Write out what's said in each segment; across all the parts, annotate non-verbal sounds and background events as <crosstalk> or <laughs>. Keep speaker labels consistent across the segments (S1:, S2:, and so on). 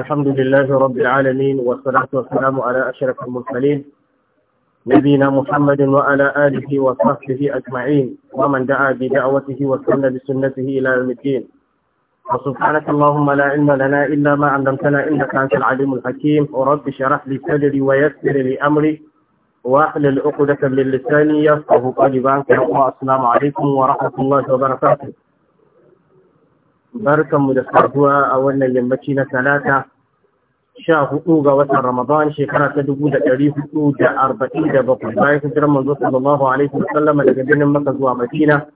S1: الحمد لله رب العالمين والصلاة والسلام على أشرف المرسلين نبينا محمد وعلى آله وصحبه أجمعين ومن دعا بدعوته وسن بسنته إلى يوم الدين وسبحانك اللهم لا علم لنا إلا ما علمتنا إنك أنت العليم الحكيم ورب اشرح لي صدري ويسر لي أمري واحلل عقدة من لساني يفقه قلبا السلام عليكم ورحمة الله وبركاته barkan mu da saduwa a wannan yammaci na talata sha hudu ga watan ramadan shekara ta dubu da ɗari hudu da arba'in da bakwai bayan hijirar manzo sallallahu alaihi wa sallama daga birnin maka zuwa madina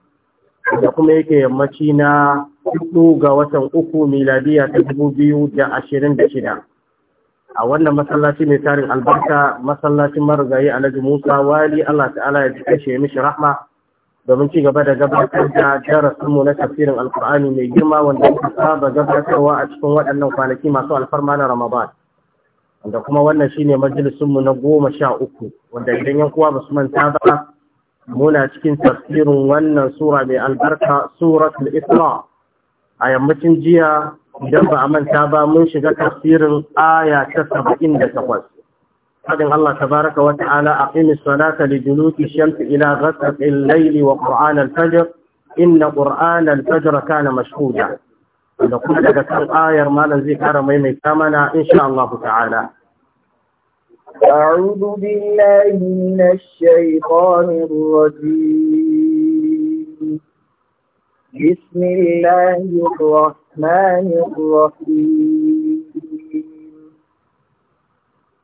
S1: da kuma yake yammaci na hudu ga watan uku miladiya ta dubu biyu da ashirin da shida a wannan masallaci mai tarin albarka masallacin marigayi alhaji musa wali allah ta'ala ya ji kashe mishi rahma domin ci gaba da gabatar da darasinmu na tafsirin alkur'ani mai girma wanda aka saba gabatarwa a cikin waɗannan kwanaki masu alfarma na ramadan wanda kuma wannan shine majalisunmu na goma sha uku wanda idan yan kuwa ba su manta ba muna cikin tafsirin wannan sura mai albarka surat suratul isra a yammacin jiya idan ba a manta ba mun shiga tafsirin aya ta saba'in da takwas قدر الله تبارك وتعالى أقيم الصلاة لدلوك الشمس إلى غسق الليل وقرآن الفجر إن قرآن الفجر كان مشهودا إذا قلت لك kan آية ما malam zai ميتامنا إن شاء الله تعالى أعوذ بالله من الشيطان الرجيم بسم الله الرحمن الرحيم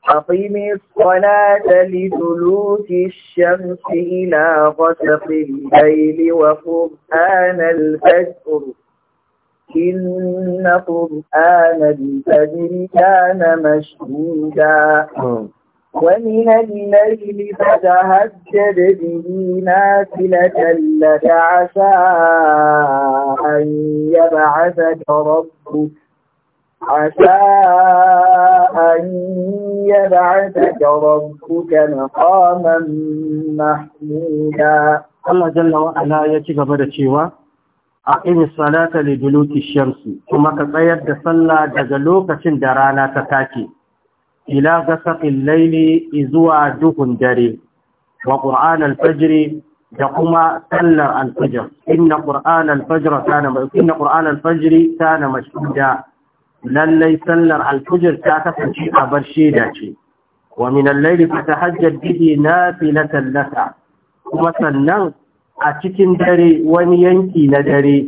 S1: أقم الصلاة لدلوك الشمس إلى غسق الليل وقرآن الفجر إن قرآن الفجر كان مشهودا ومن الليل فتهجد به نافلة لك عسى أن يبعثك ربك عسى أن يبعثك ربك مقاما محمودا الله جل وعلا يتكبر الشيوى أقيم الصلاة لدلوك الشمس ثم تطيب دسلا دجلوك شندرانا تتاكي إلى غسق الليل إزوى دهن دري وقرآن الفجر دقما سلر الفجر إن قرآن الفجر كان إن قرآن الفجر كان مشهودا lallai sallar alfujir ta kasance a bar shaida ce wa min al-layli na fi nafilatan laka kuma sannan a cikin dare wani yanki na dare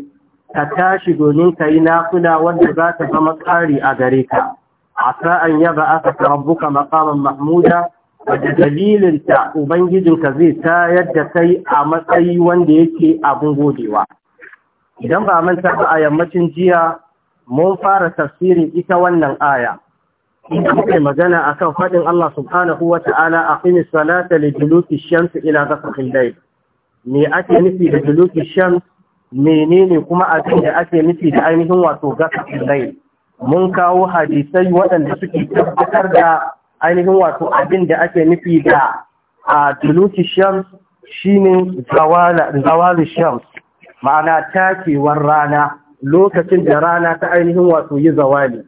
S1: ka tashi domin ka yi nafula wanda za ta zama ƙari a gare ka asa an yaba aka rabbuka maqaman mahmuda wadda dalilinta ubangijinka zai tayar da kai a matsayi wanda yake abin godewa idan ba manta ba a yammacin jiya mun fara tafsirin ita wannan aya kuma magana akan faɗin Allah subhanahu wa ta'ala aqimi salata li duluki shams ila ghasaqil layl me ake nufi da duluki shams menene kuma abin da ake nufi da ainihin wato ghasaqil layl mun kawo hadisai waɗanda suke tabbatar da ainihin wato abin da ake nufi da a duluki shams shine zawala zawali shams ma'ana takewar rana lokacin da rana ta ainihin wato yi zawali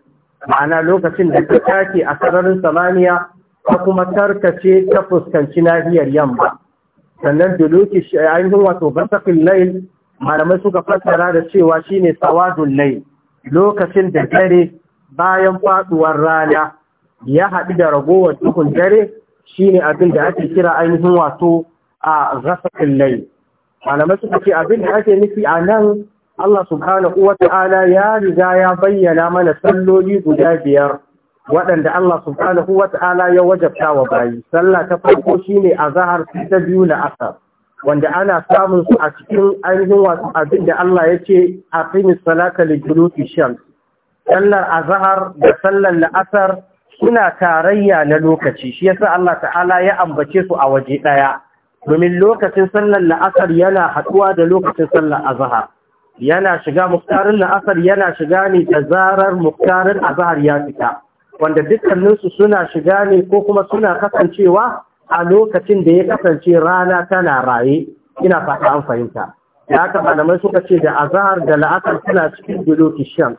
S1: ma'ana lokacin da ta take a sararin samaniya ta kuma tarkace ta fuskanci nahiyar yamma sannan duluki ainihin wato basafin lail malamai suka fassara da cewa shine sawadun lail lokacin da dare bayan faduwar rana ya haɗu da ragowar tukun dare shine abin da ake kira ainihin wato a gasafin lail malamai suka ce abin da ake nufi a nan Allah subhanahu wa ta'ala ya riga ya bayyana mana salloli guda biyar waɗanda Allah subhanahu wa ta'ala ya wajabta wa bayi. Sallah ta farko shine zahar ta biyu na asar wanda ana samun su a cikin ainihin wasu abin da Allah ya ce a finis salata da julufi shan. Sallar azahar da sallar la'asar suna tarayya na lokaci shi yasa Allah ta'ala ya ambace su a waje ɗaya domin lokacin sallar la'asar yana haɗuwa da lokacin sallar azhar. yana shiga muktarin asar yana shiga ne da zarar muktarin azahar ya fita wanda dukkaninsu suna shiga ne ko kuma suna kasancewa a lokacin da ya kasance rana tana raye ina fata an fahimta ya haka malamai suka ce da azahar da la'asar suna cikin biloki shams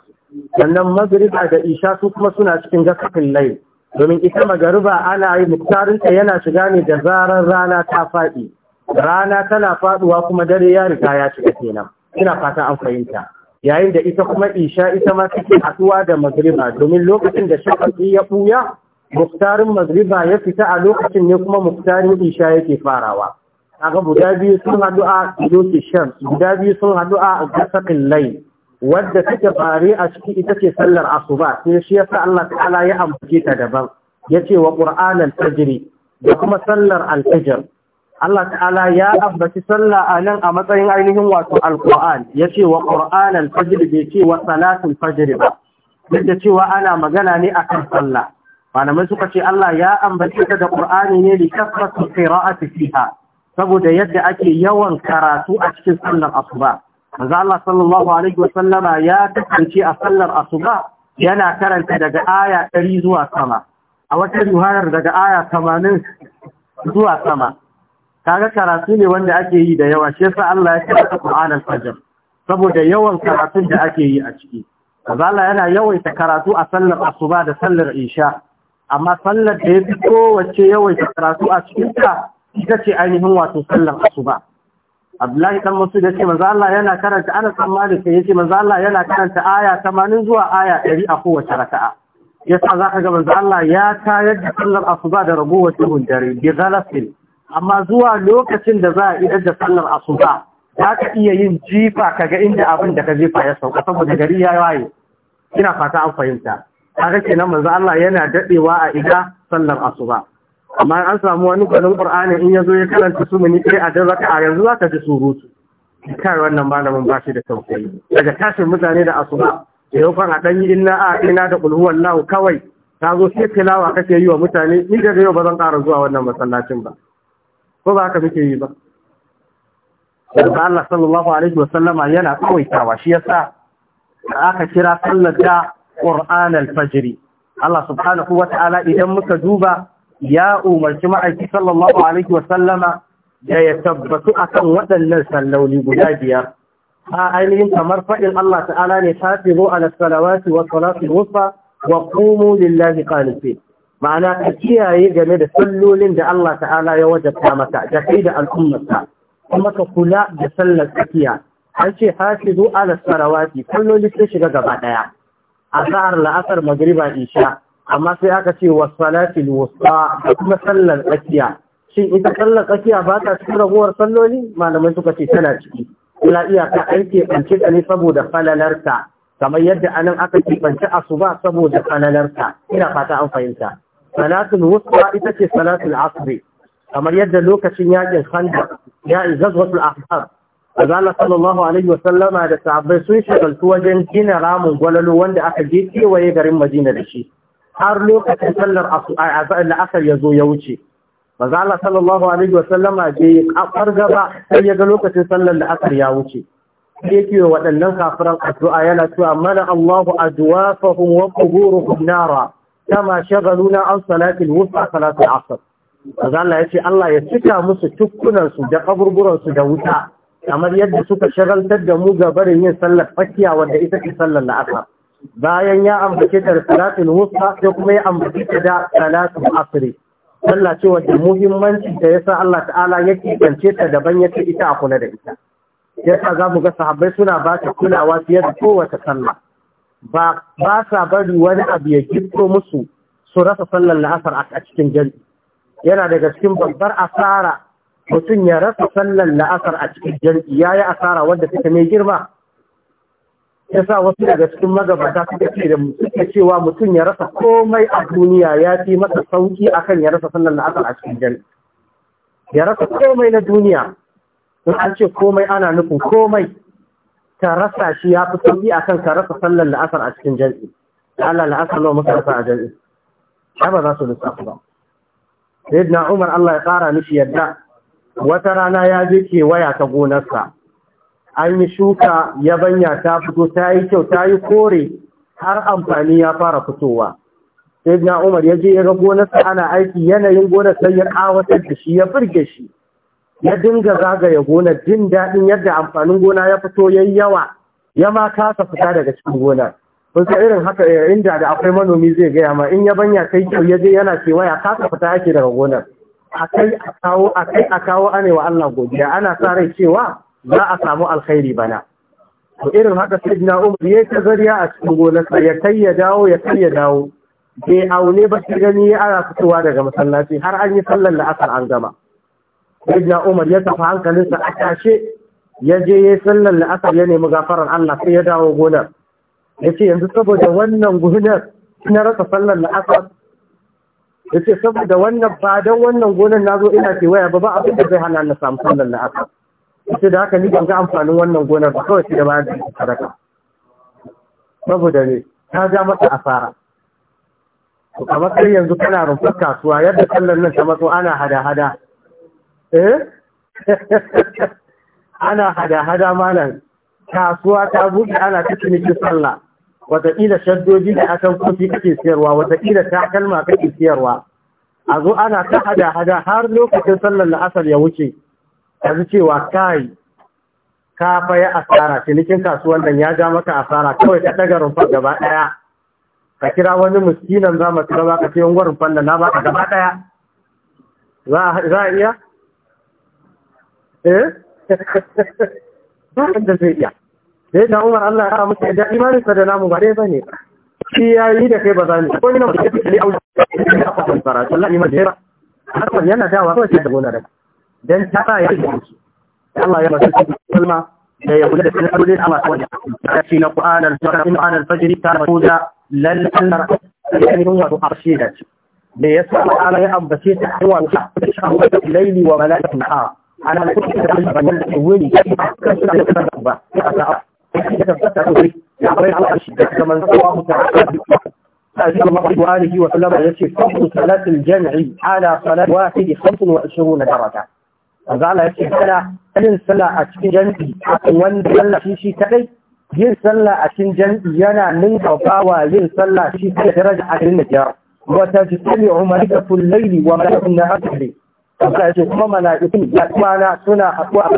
S1: sannan magriba da isha su kuma suna cikin gasafin lai domin ita magariba ana yi muktarinta yana shiga ne da zarar rana ta faɗi rana tana faɗuwa kuma dare ya riga ya cika kenan ina fata an fahimta yayin da ita kuma isha ita ma take haɗuwa da magriba domin lokacin da shafaƙi ya buya. muktarin magriba ya fita a lokacin ne kuma muktarin isha yake farawa kaga guda biyu sun haɗu a lokacin shan guda biyu sun haɗu a gasakin lai wadda take fare a ciki ita ce sallar asuba sai shi yasa Allah ta'ala ya ambace ta daban yace wa qur'anan tajri da kuma sallar al-fajr Allah ta'ala ya ambaci sallah a nan a matsayin ainihin wato alkur'an ya ce wa ƙur'an alfajir bai ce wa salatul fajir ba duk da cewa ana magana ne a kan sallah malamai suka ce Allah ya ambaci ta da ƙur'ani ne da kasratu qira'ati fiha saboda yadda ake yawan karatu a cikin sallar asuba manzo Allah sallallahu alaihi wa sallama ya kasance a sallar asuba yana karanta daga aya ɗari zuwa sama a wata riwayar daga aya 80 zuwa sama kaga karatu ne wanda ake yi da yawa shi yasa Allah ya kira Qur'an al-Fajr saboda yawan karatun da ake yi a ciki Allah yana yawaita karatu a sallar asuba da sallar isha amma sallar da yafi kowace yawaita karatu a cikin ta ita ce ainihin wato sallar asuba Abdullahi dan ya yace manzo Allah yana karanta ana san Malik yace manzo Allah yana karanta aya 80 zuwa aya 100 a kowace raka'a yasa zaka ga manzo Allah ya tayar da sallar asuba da ragowar tuhun dare bi amma zuwa lokacin da za a idar da sallar asuba za ka iya yin jifa ka ga inda abin da ka jefa ya sauka saboda gari ya waye ina fata an fahimta kaga kenan manzo Allah yana dadewa a ida sallar asuba amma an samu wani gwanin Qur'ani in yazo ya karanta su mini sai a a yanzu za ka ji surutu kai wannan malamin ba shi da tausayi daga tashin mutane da asuba da yau kan a ɗanyi inna a ina da ƙulhuwan lahu kawai ta zo sai tilawa kake yi wa mutane ni daga yau ba zan ƙara zuwa wannan masallacin ba ko ba haka muke yi ba da Allah sallallahu alaihi wasallama yana kawaitawa shi yasa aka kira sallar da Qur'an al-Fajr Allah subhanahu wata'ala idan muka duba ya umarci ma'aiki sallallahu alaihi wasallama da ya tabbatu akan waɗannan salloli guda biyar a ainihin kamar faɗin Allah ta'ala ne tafizo ala salawati wa salatu wusa wa qumu lillahi qanitin ma'ana ka kiyaye game da sallolin da Allah ta'ala ya wajabta maka da kai da al'ummarka kuma ka kula da sallar tsakiya an ce zuwa ala sarawati salloli sai shiga gaba A sahar la'asar magriba isha amma sai aka ce wa salatil wusta da kuma sallar tsakiya shin ita sallar tsakiya ba ta cikin ragowar salloli malamai suka ce tana ciki kula iyaka an keɓance ta ne saboda falalarta kamar yadda anan aka keɓance asuba saboda falalarta ina fata an fahimta salatul wusta ita ce salatul asri kamar yadda lokacin yakin handa ya zazwatul ahzab azalla sallallahu alaihi wasallama da sahabbai sun shagaltu wajen gina ramin gwalalo wanda aka je kewaye garin madina da shi har lokacin sallar la'asar ya zo ya wuce mazala sallallahu alaihi wasallama je kafar gaba sai ya ga lokacin sallar la'asar ya wuce yake waɗannan kafiran addu'a yana cewa mana Allahu adwafahum wa quburuhum nara kama shagaluna an salatil wusa salatul asr kaza Allah yace Allah ya cika musu tukkunansu da kaburburan da wuta kamar yadda suka shagaltar da mu ga barin yin sallar fakiya wanda ita ce sallar la'asar bayan ya ambace ta salatin wusa sai kuma ya ambace ta da salatul asr sallah ce wanda muhimmanci da yasa Allah ta'ala yake kance ta daban yace ita a kula da ita yasa za mu ga sahabbai suna ba ta kulawa fiye da kowace sallah ba sa bari wani abu ya gifto musu su rasa sallar la'asar a cikin jari yana daga cikin babbar asara mutum ya rasa sallar la'asar a cikin jari ya yi asara wadda suka mai girma ya sa wasu daga cikin magabata suka ce da suka cewa mutum ya rasa komai a duniya ya fi masa sauki akan ya rasa sallar la'asar a cikin jari ya rasa komai na duniya in an ce komai ana nufin komai ka rasa shi ya fi sauki akan ka rasa sallar la'asar a cikin jan'i Allah la'asar nawa muka rasa a jan'i ya ba za su ku ba na Umar Allah ya ƙara mishi yadda wata rana ya je waya ta gonarsa an yi shuka yabanya ta fito ta yi kyau ta yi kore har amfani ya fara fitowa na Umar ya je ya ga gonarsa ana aiki yanayin gonar sai ya kawatar da shi ya burge shi ya dinga zagaya gona, jin daɗin yadda amfanin gona ya fito ya yi yawa ya ma kasa fita daga cikin gona kun san irin haka eh, inda da akwai manomi zai gaya ma in ya kai kyau ya je yana kewaya kasa fita ake daga gonar akai a kawo akai a kawo ane wa Allah godiya ana sa rai cewa za a samu alkhairi bana to irin haka sai na Umar yayi ta zariya a cikin gonar sa ya kai ya dawo ya kai ya dawo bai aune ba shi gani ana fitowa daga masallaci har an yi sallar la'asar an gama ja Umar ya tafi hankalinsa a kashe. ya je ya sallar la'asar ya nemi gafarar Allah sai ya dawo gonar ya ce yanzu saboda wannan gonar na rasa sallar la'asar ya ce saboda wannan ba don wannan gonar na zo ina kewaya ba ba abin da zai hana na samu sallar la'asar ya ce da haka ni ban ga amfanin wannan gonar ba kawai da bayan da sadaka saboda ne ta ja masa asara to kamar yanzu kana rumfar kasuwa yadda sallar nan ta matso ana hada-hada eh <laughs> ana hada-hada malam kasuwa ta buɗe ana ta ciniki sallah wataƙila shaddoji da akan kofi kake siyarwa wataƙila takalma kake siyarwa a zo ana ta hada-hada har lokacin sallar la'asar ya wuce a cewa kai ka faya asara cinikin kasuwan nan ya ja maka asara kawai ka ɗaga rumfar gaba ɗaya ka kira wani muskinan za mu kira ka ce wani rumfar nan na baka gaba ɗaya za a iya eh ba da zai iya da yadda umar Allah ya mutu da imanin sa da namu ba dai bane shi yayi da kai ba za mu ko ina mutu da ali aula da akwai fara sallah iman da har yana dawa ko sai da gona da dan ta ya yi Allah ya masa kalma da ya kula da sunan da Allah ta wajen shi na Qur'an al-Qur'an fajr ta rahuda lal annar yani huwa arshida me yasa Allah ya ambace ta huwa al-laili wa malaikatu ana da kuma da Allah ban da wuri kan suna da kan ba sai a sa'a sai da tabbata da wuri ya bai Allah shi da kamar sallahu ta'ala صلى الله عليه وسلم التي فضل صلاة الجمع على صلاة واحد 25 درجة قال يكي صلاة أن صلاة أشكي جنبي وأن صلاة في شيء كذي yin sallah a cikin jam'iyana min kafawa yin sallah shi ta daraja a cikin najjar wata jitali umar da kullaili na hasari Aka ce kuma mala'ikun ya kwana suna haɗuwa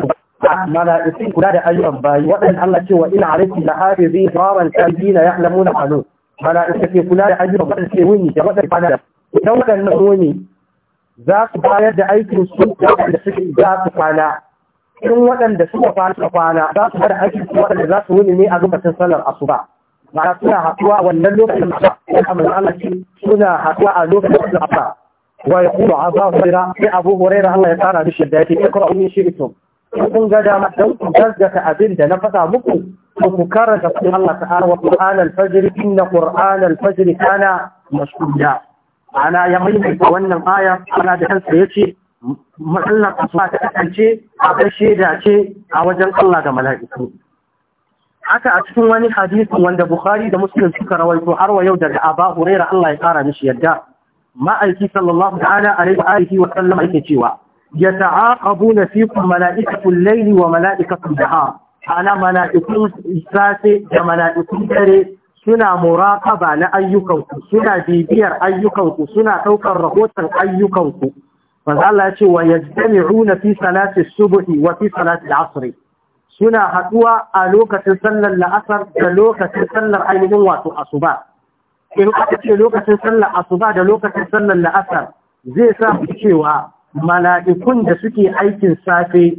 S1: mala'ikun kula da ayyukan bayi waɗanda Allah cewa ina alaiki la hafizi rawan sabina ya'lamuna qanun mala'ika ke kula da ayyukan bayi ce wuni da waɗanda kwana da idan waɗannan wuni za su bayar da aikin su da suke za su kwana in waɗanda suka kwana suka kwana za su bada aikin su waɗanda za su wuni ne a lokacin sallar asuba ma'ana suna haɗuwa wannan lokacin asuba. da Allah ce suna haɗuwa a lokacin asuba. ويقول عطاء هريرة يا أبو هريرة الله يقال بشي بدايتي اقرأوا من شئتم kun ga dama don ku gaggata abin da na fasa muku ba ku karanta su Allah ta'ala wa Qur'an al-Fajr inna Qur'an al-Fajr kana mashhuda ana ya maimaita wannan aya ana da kansa yace matsalar asuba ta kasance a kashe da ce a wajen Allah da mala'iku haka a cikin wani hadisi wanda Bukhari da Musulunci suka rawaito har yau daga Aba Hurairah Allah ya kara mishi yadda ma'aiki sallallahu ta'ala a wa aiki wa sallam yake cewa yata'aqabuna fikum mala'ikatul layli wa mala'ikatul nahar ana mala'ikun safe da mala'ikun dare suna muraqaba na ayyukanku suna bibiyar ayyukanku suna ɗaukar rahoton ayyukanku manzo Allah ya ce wa yajtami'una fi salati subuhi wa fi salati al suna haɗuwa a lokacin sallar la'asar da lokacin sallar ainihin wato asuba in aka ce lokacin sallar asuba da lokacin sallar la'asar zai sa cewa mala'ikun da suke aikin safe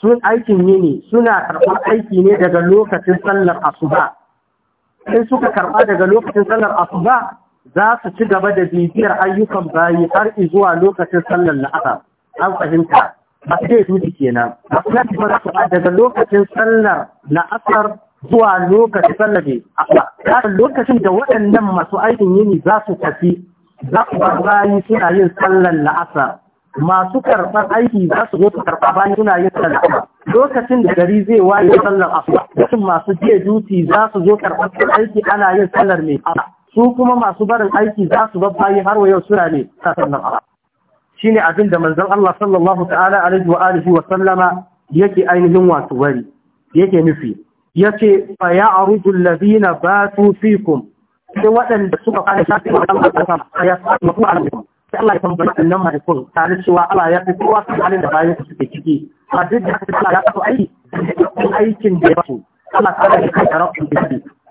S1: sun aikin yini suna karɓar aiki ne daga lokacin sallar asuba in suka karɓa daga lokacin sallar asuba za su ci gaba da bibiyar ayyukan bayi har zuwa lokacin sallar la'asar an fahimta ba sai su kenan ba daga lokacin sallar la'asar zuwa lokacin sallabe haka lokacin da waɗannan masu aikin yini za su tafi za su ba bayi suna yin sallar la'asa, masu karɓar aiki za su zo su karɓa bayi suna yin sallar la'asa. lokacin da gari zai waye sallar asuba lokacin masu je duti za su zo karɓar aiki ana yin sallar mai asuba su kuma masu barin aiki za su babbaye har wa yau suna ne ta sallar asuba shine abin da manzon Allah sallallahu ta'ala alaihi wa alihi wa sallama yake ainihin wato wari yake nufi yace fa ba su fi kun. sai waɗanda suka fara shafi wa Allah ƙasa a ya fara kuma alaikum sai Allah ya tambaya annan ta ni cewa Allah ya kowa su halin da bayan suke ciki a duk da Allah ya kasu aiki aikin da ya fito Allah ta da kai da rabu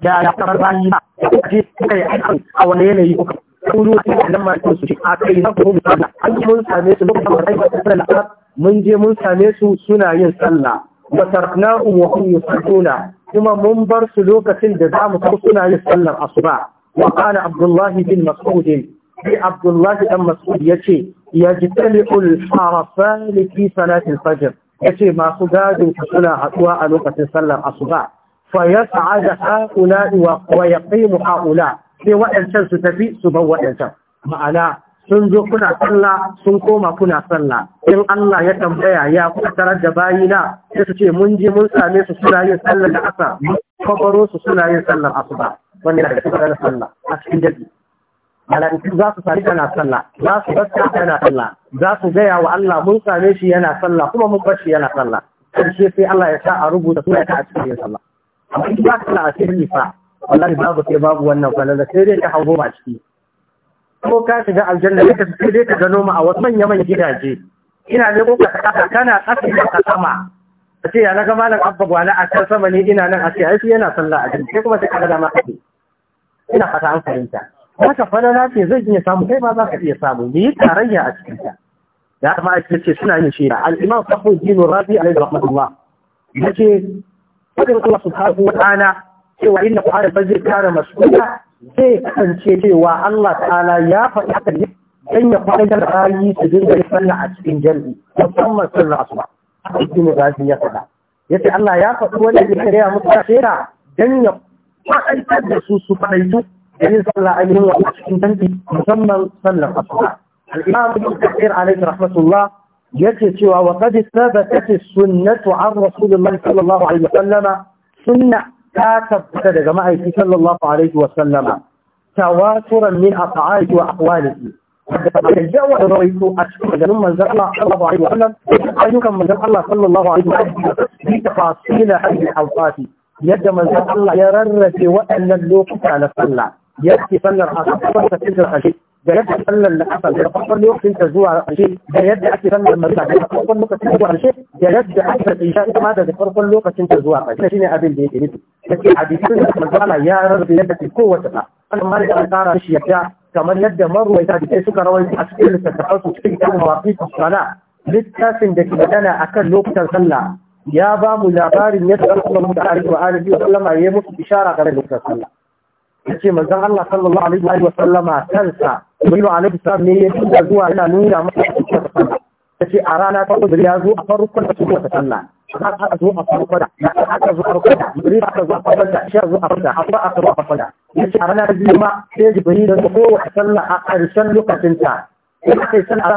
S1: da ya fara bayi ba ji yi aiki a wani yanayi kuka kuru annan malikun su a kai na kuma misali an mun same su lokacin da rayuwa ta da mun je mun same su suna yin sallah wa tarna'u wa hum kuma mun bar su lokacin da za mu tafi suna yin sallar asuba wa abdullahi bin mas'ud bi abdullahi dan mas'ud yace yajtali'u ul harafan fi salati al-fajr yace masu gadin suna haduwa a lokacin sallar asuba fa yas'ad haula wa yaqimu haula sai waɗancan su tafi su bar waɗancan ma'ana sun zo kuna sallah sun koma kuna sallah in Allah ya tambaya ya kuka tarar da bayina sai su ce mun je mun same su suna yin sallar da asa kwakwaro su suna yin sallar asuba na daga cikin sallah a cikin dabi mala'iku za su sami kana sallah za su basta kana sallah za su gaya wa Allah mun same shi yana sallah kuma mun bar shi yana sallah karshe sai Allah ya sa a rubuta suna ta a cikin yin sallah amma in ba ka na asiri fa wallahi babu sai babu wannan falala sai dai ka hango ba ciki ko ka shiga aljanna ne ka sai ka gano mu a wasu manya-manyan gidaje ina ne ko ka kana ƙasa ka sama a ya na ga malam abba gwala a kan sama ne ina nan a sai ai yana sallah a jirgin kuma sai kaga dama kake ina fata an fahimta haka na ce zai iya samu kai ba za ka iya samu Me yi tarayya a cikin ta ya ma cikin ce suna yin shira al-imam Fakhruddin Rabi alayhi rahmatullah yace fadin Allah subhanahu wa ta'ala cewa inna kare bazikara mas'ula zai kasance cewa Allah ta'ala ya faɗi haka ne dan ya faɗi da rayi su dinga sallah a cikin jami'i musamman sallar asuba ibn Qasim ya faɗa yace Allah ya faɗi wanda ya kariya musu kafira dan ya faɗaitar da su su faɗaitu da yin sallah ainihin wa a cikin jami'i musamman sallar asuba al-Imam Ibn Kathir alayhi rahmatullah يكتشف وقد ثبتت السنة عن رسول الله صلى الله عليه وسلم سنة تاتبت لجمعي صلى الله عليه وسلم تواترا من أطعائك وأقواله فكان جاءوا من زرع الله صلى الله عليه وسلم أيها من زرع الله صلى الله عليه وسلم بتفاصيل هذه الحوطات يجب من زرع الله يرر في وأن اللوك على صلى يأتي صلى الحاصل فقط تلك الحشي جايب صلى الحصل فقط اليوم في الزوء على الحشي جايب أتي صلى المريض عليه فقط اللوك تلك الحشي جايب أتي صلى الحشي فقط اللوك تلك الحشي جايب أتي yake hadisin da manzala ya rarrabe yadda ke kowace ta Wannan malik an kara shi yadda kamar yadda marwaita da kai suka rawaita a cikin littattafan su cikin kan mawaƙi sala littafin da ke magana akan lokutan sallah ya ba mu labarin yadda al'ummar da alaihi wa alihi wa sallama ya musu ishara game da lokutan sallah yace manzon Allah sallallahu alaihi wa sallama kansa Ibrahim alaihi salam ne ya tuka zuwa yana nuna masa lokutan sallah yace a rana ta Ubud ya zo a farkon da su ta sallah aka a a zo a a a a ranar biyu ma sai jibril da sallah a ƙarshen lokacin ta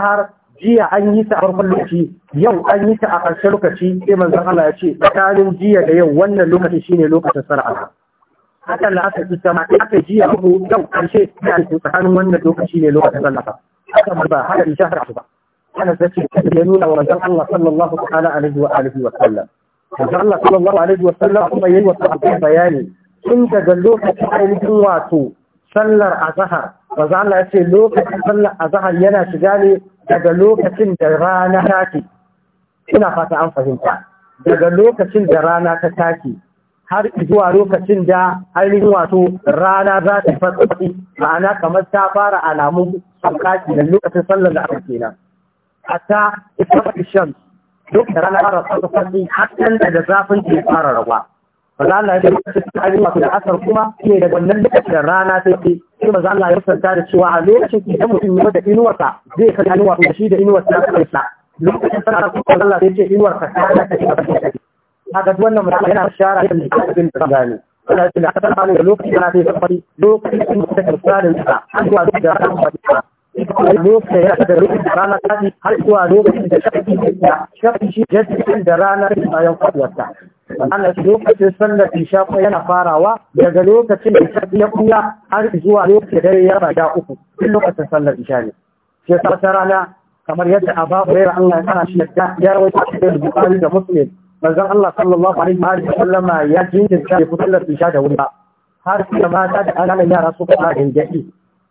S1: har jiya an yi ta a farkon lokaci yau an yi ta a ƙarshen lokaci sai manzon Allah ya ce tsakanin jiya da yau wannan lokaci shine lokacin sallah hakan da aka ita ma aka jiya ko yau ƙarshe tsakanin wannan lokaci ne lokacin sallah haka ba haka isha har ba ana zace ya nuna wa manzon Allah sallallahu ta'ala alaihi wa alihi wa sallam manzon Allah sallallahu alaihi wa sallam kuma yayi wa sahabbai bayani tun daga lokacin ainihin wato sallar azhar manzon Allah ya ce lokacin sallar azhar yana shiga ne daga lokacin da rana ta ke, ina fata an fahimta daga lokacin da rana ta take har zuwa lokacin da ainihin wato rana za ta fatsi ma'ana kamar ta fara alamun sauƙaƙi da lokacin sallar da aka kenan hatta ita shan duk da ranar ara sauka sarki hatta daga zafin ke fara rawa maza Allah ya tabbata cikin abin masu da asar kuma ne da wannan lokacin rana ta ke sai maza Allah ya santa da cewa a lokacin idan mutum ya da inuwarsa zai kai hannu da shi da inuwarsa ta kai sa lokacin sanar da kuma Allah ya ce ka ta ta kai ta ke. kaga wannan mutum yana shara da abin da gani ana cikin da kasar halin da lokacin da ta yi lokacin da ta karsa da ta an zuwa da ta lokacin da lokacin da rana ta har shi da sallar isha yana farawa daga lokacin da shafi ya kuya har zuwa lokacin dare ya uku duk lokacin sallar isha ne. ta wata rana kamar yadda Aba Hurairah Allah ya kana shi da ya rawaita shi da Bukhari da Muslim. Manzon Allah sallallahu alaihi wa sallama ya jinkirta ya fi sallar isha da wuri ba. Har da mata da ƙananan yara suka fara injaki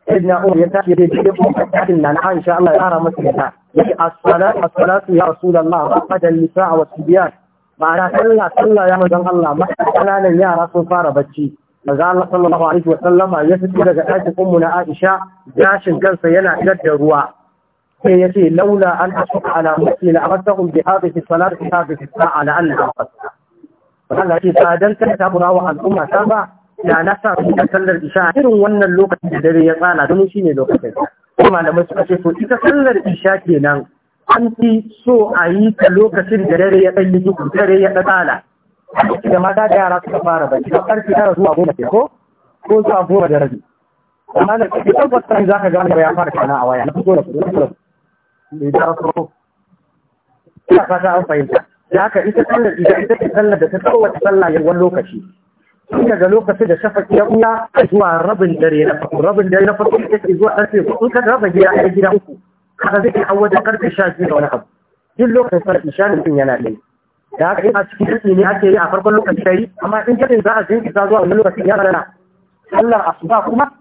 S1: sayyidina Umar ya tashi da cikin kokarin nan Aisha Allah ya fara masa ta yace as-salatu as-salatu ya rasulullah faqada an-nisaa wa sibyan ma'ana sallah sallah ya manzon Allah ma kananan yara sun fara bacci manzo Allah sallallahu alaihi wa sallama ya fito daga ɗakin ummu na Aisha gashin kansa yana fitar da ruwa sai ya ce laula an asuka ala mutti la amartahum bi hadhihi salati hadhihi sa'a ya ce sadan ta tabura al'umma ta ba Da na sa su da sallar isha irin wannan lokacin da dare ya tsana domin shi ne lokacin kuma malamai suka ce to ita sallar isha kenan an fi so a yi ta lokacin da dare ya ɗan yi dare ya ɗan tsana da mata da yara suka fara bacci da ƙarfi tara zuwa goma ke ko ko zuwa goma da rabi amma da kake tabbatar za ka gane ya fara kana a waya na fito da kudu da da rasu ina fata an fahimta da haka ita sallar ita ita ce sallar da ta tsawaita sallah yawan lokaci tun daga lokacin da shafaki ya wuya zuwa rabin dare na farko rabin dare na farko da take zuwa ƙarfe uku in ka raba gida a gida uku haka zai kawo wajen ƙarfe sha biyu da wani abu duk lokacin fara isha mutum yana ɗaya da haka a cikin jiki ne ake yi a farkon lokacin shari amma in jirin za a jinkita zuwa wani lokacin ya rana sallar asuba kuma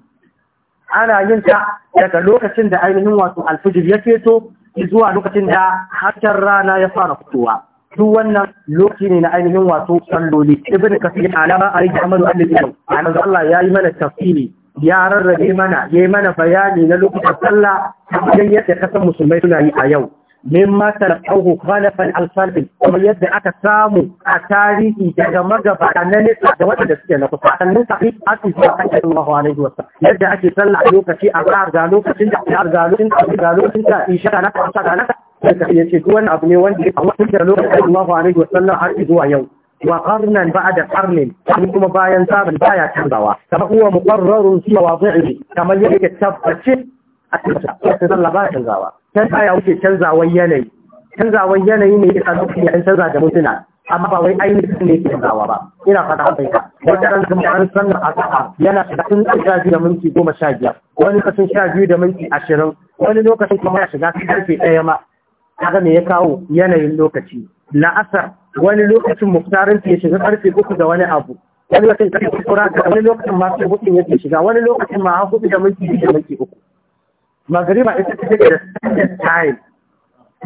S1: ana yin ta daga lokacin da ainihin wato alfijir ya feto zuwa lokacin da harshen rana ya fara fitowa duk wannan lokaci ne na ainihin wato salloli ibn kasir alama a rike amalu alil ilm manzo Allah ya yi mana tafsiri ya rarrabe mana ya mana bayani na lokacin sallah idan yadda kasan musulmai suna yi a yau Min mimma talaqahu khalafan al-salih kuma yadda aka samu a tarihi daga magabata na nisa da wanda suke na kusa kan nisa fi asu ta sallallahu alaihi wa sallam yadda ake sallah lokaci a ga lokacin da ga lokacin da ga lokacin da insha Allah ta saka da ya ce duwan abu ne wanda ya faru tun da lokacin Allahu alaihi wasallam har zuwa yau wa qarnan ba'da qarnin kuma bayan sabon baya canzawa kama huwa muqarrarun fi mawadi'ihi kamar yadda tabbace a cikin sallah baya canzawa kan baya wuce canzawan yanayi canzawan yanayi ne ya yasa duk 'yan canza da mutuna amma ba wai ainihin ne ke canzawa ba ina fata hakan ka wata ran kuma an san a saka yana shiga tun sha biyu da minti goma sha biyar wani kasan sha biyu da minti ashirin wani lokacin kuma ya shiga karfe ɗaya ma kaga me ya kawo yanayin lokaci la'asar wani lokacin muktarin ke shiga karfe uku da wani abu wani lokacin karfe uku da wani lokacin ma sai hukun yake shiga wani lokacin ma har hudu da minti da minti uku magariba ita ce take da standard time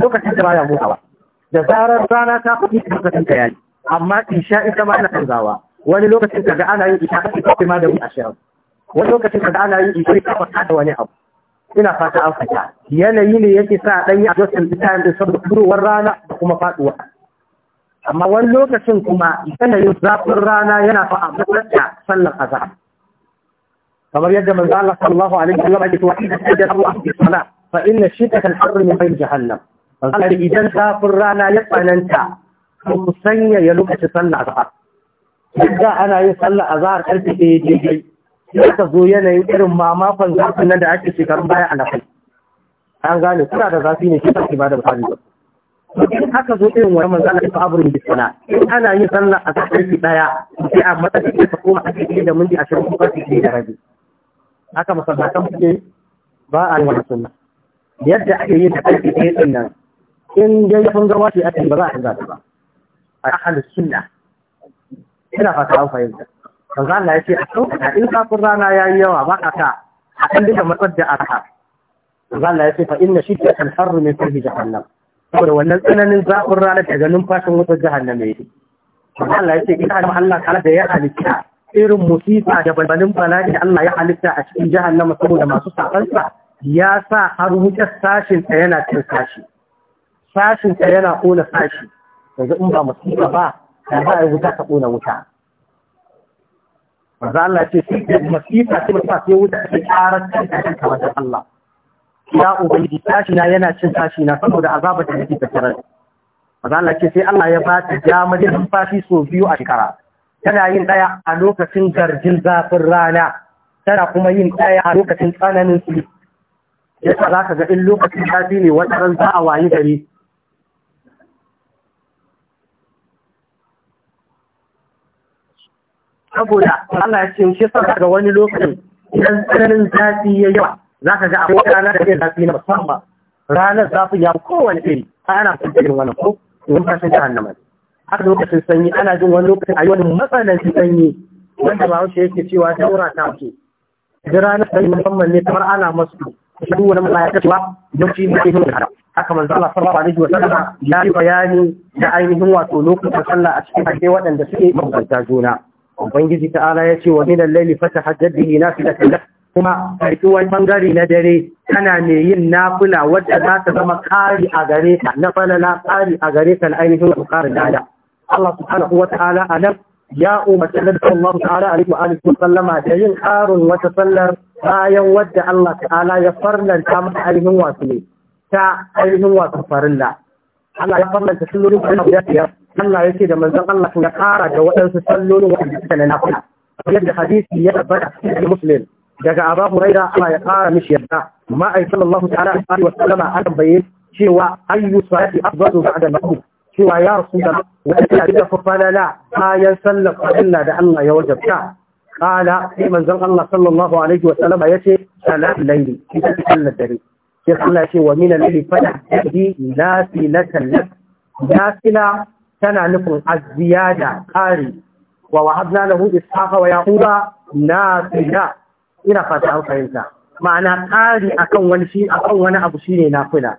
S1: lokacin da baya mutawa da zarar rana ta fi lokacin ta yayi amma isha ita ma ana canzawa wani lokacin kaga ana yin isha ta fi ma da mu ashirin wani lokacin kaga ana yin isha ta fi da wani abu ina fata an fata yanayi ne yake sa ɗanyi a justin time din saboda furowar rana da kuma faɗuwa amma wani lokacin kuma yanayin zafin rana yana fa a matsatsa sallar azhar kamar yadda manzo Allah sallallahu alaihi wasallam yake cewa idan kaje abu a cikin sala fa inna shiddat al-harr min bayn jahannam Allah idan zafin rana ya tsananta to sanya ya lokaci sallar azhar yadda ana yin sallar azhar karfe 1 daidai da ka zo yanayin irin mamakon zafin nan da ake shekarun baya a nafai an gane kuna da zafi ne shi kake ba da bukari ba in aka zo irin wani manzo Allah ta aburin bisana in ana yin sallah a karfi daya sai a matsayin ta koma a cikin da minti 20 ko ke da rabi haka masallatan suke ba a yi sunna yadda ake yin da karfi daya din nan in dai kun ga wace ake ba za a canza ba a ahlus sunna ina fata an fahimta Banzu Allah ya ce a sauƙaƙa in zafin rana ya yi yawa ba ka ta a kan duka matsar da arha. Banzu Allah ya ce fa inna shi ke kan harru min fi jahannam. Saboda wannan tsananin zafin rana daga numfashin wutar jahannam ya yi. Allah ya ce ina da Allah kala da ya halitta irin musifa da balbalin bala'i da Allah ya halitta a cikin jahannama saboda masu saƙansa ya sa har wutar ta yana cin sashi. sashin ta yana kona sashi. Yanzu in ba musifa ba, ba a wuta ta ƙona wuta. maza Allah ce shi da masifa ce masifa sai wuta ce karar kan ta kanka Allah ya ubangiji tashi na yana cin tashi na saboda azaba da nake tattare maza Allah ce sai Allah ya ba ta damar yin numfashi so biyu a shekara tana yin ɗaya a lokacin garjin zafin rana tana kuma yin ɗaya a lokacin tsananin su yasa za ka ga in lokacin zafi ne wata ran za a wayi gari saboda Allah ce shi sa ga wani lokacin idan tsananin zafi ya yawa za ka ga wata rana da ke zafi na musamman ranar zafi ya kowane iri ana fahimtar irin wannan ko in ba sun jahannama har lokacin sanyi ana jin wani lokacin a yi wani matsananci sanyi wanda ba wuce yake cewa wura ta wuce da ranar sanyi musamman ne kamar ana masu shaɗu wani malayaka cewa shi ne ke nuna haka manzo Allah sallallahu alaihi wa sallam ya yi bayani da ainihin wato lokacin sallah a cikin hadisi waɗanda suke mabanta juna ubangiji ta'ala ya ce wa min al-layli fatahajjad bihi nafilatan lak kuma karki wani bangare na dare kana ne yin nafila wadda za ta zama kari a gare ka na falala kari a gare ka na ainihin alƙarin dada Allah subhanahu wa ta'ala a nan ya umarci da Allah ta'ala alaihi wa alihi wa sallama da yin karin wata sallar bayan wadda Allah ta'ala ya farlanta mata ainihin wasu ne ta ainihin wasu farilla Allah ya farlanta sallolin da ya Allah ya ce da manzon Allah ya kara da waɗansu sallolin waɗanda suka na nafila yadda hadisi ya tabbata cikin muslim daga Abu Hurairah Allah ya kara mishi yadda ma ai sallallahu ta'ala alaihi wa sallama an tambaye cewa ayyu salati afdalu ba'da al-maghrib cewa ya rasulullah wa ta da fafana la ayan sallar Allah da Allah ya wajabta qala sai manzon Allah sallallahu alaihi wa sallama yace salatul layli ita sallar dare sai Allah ya ce wa min al-layli fa'ti nafilatan lak nafila tana nufin da ƙari wa wahabna lahu ishaqa wa yaquba nafila ina fata an fahimta ma'ana ƙari akan wani shi akan wani abu shine nafila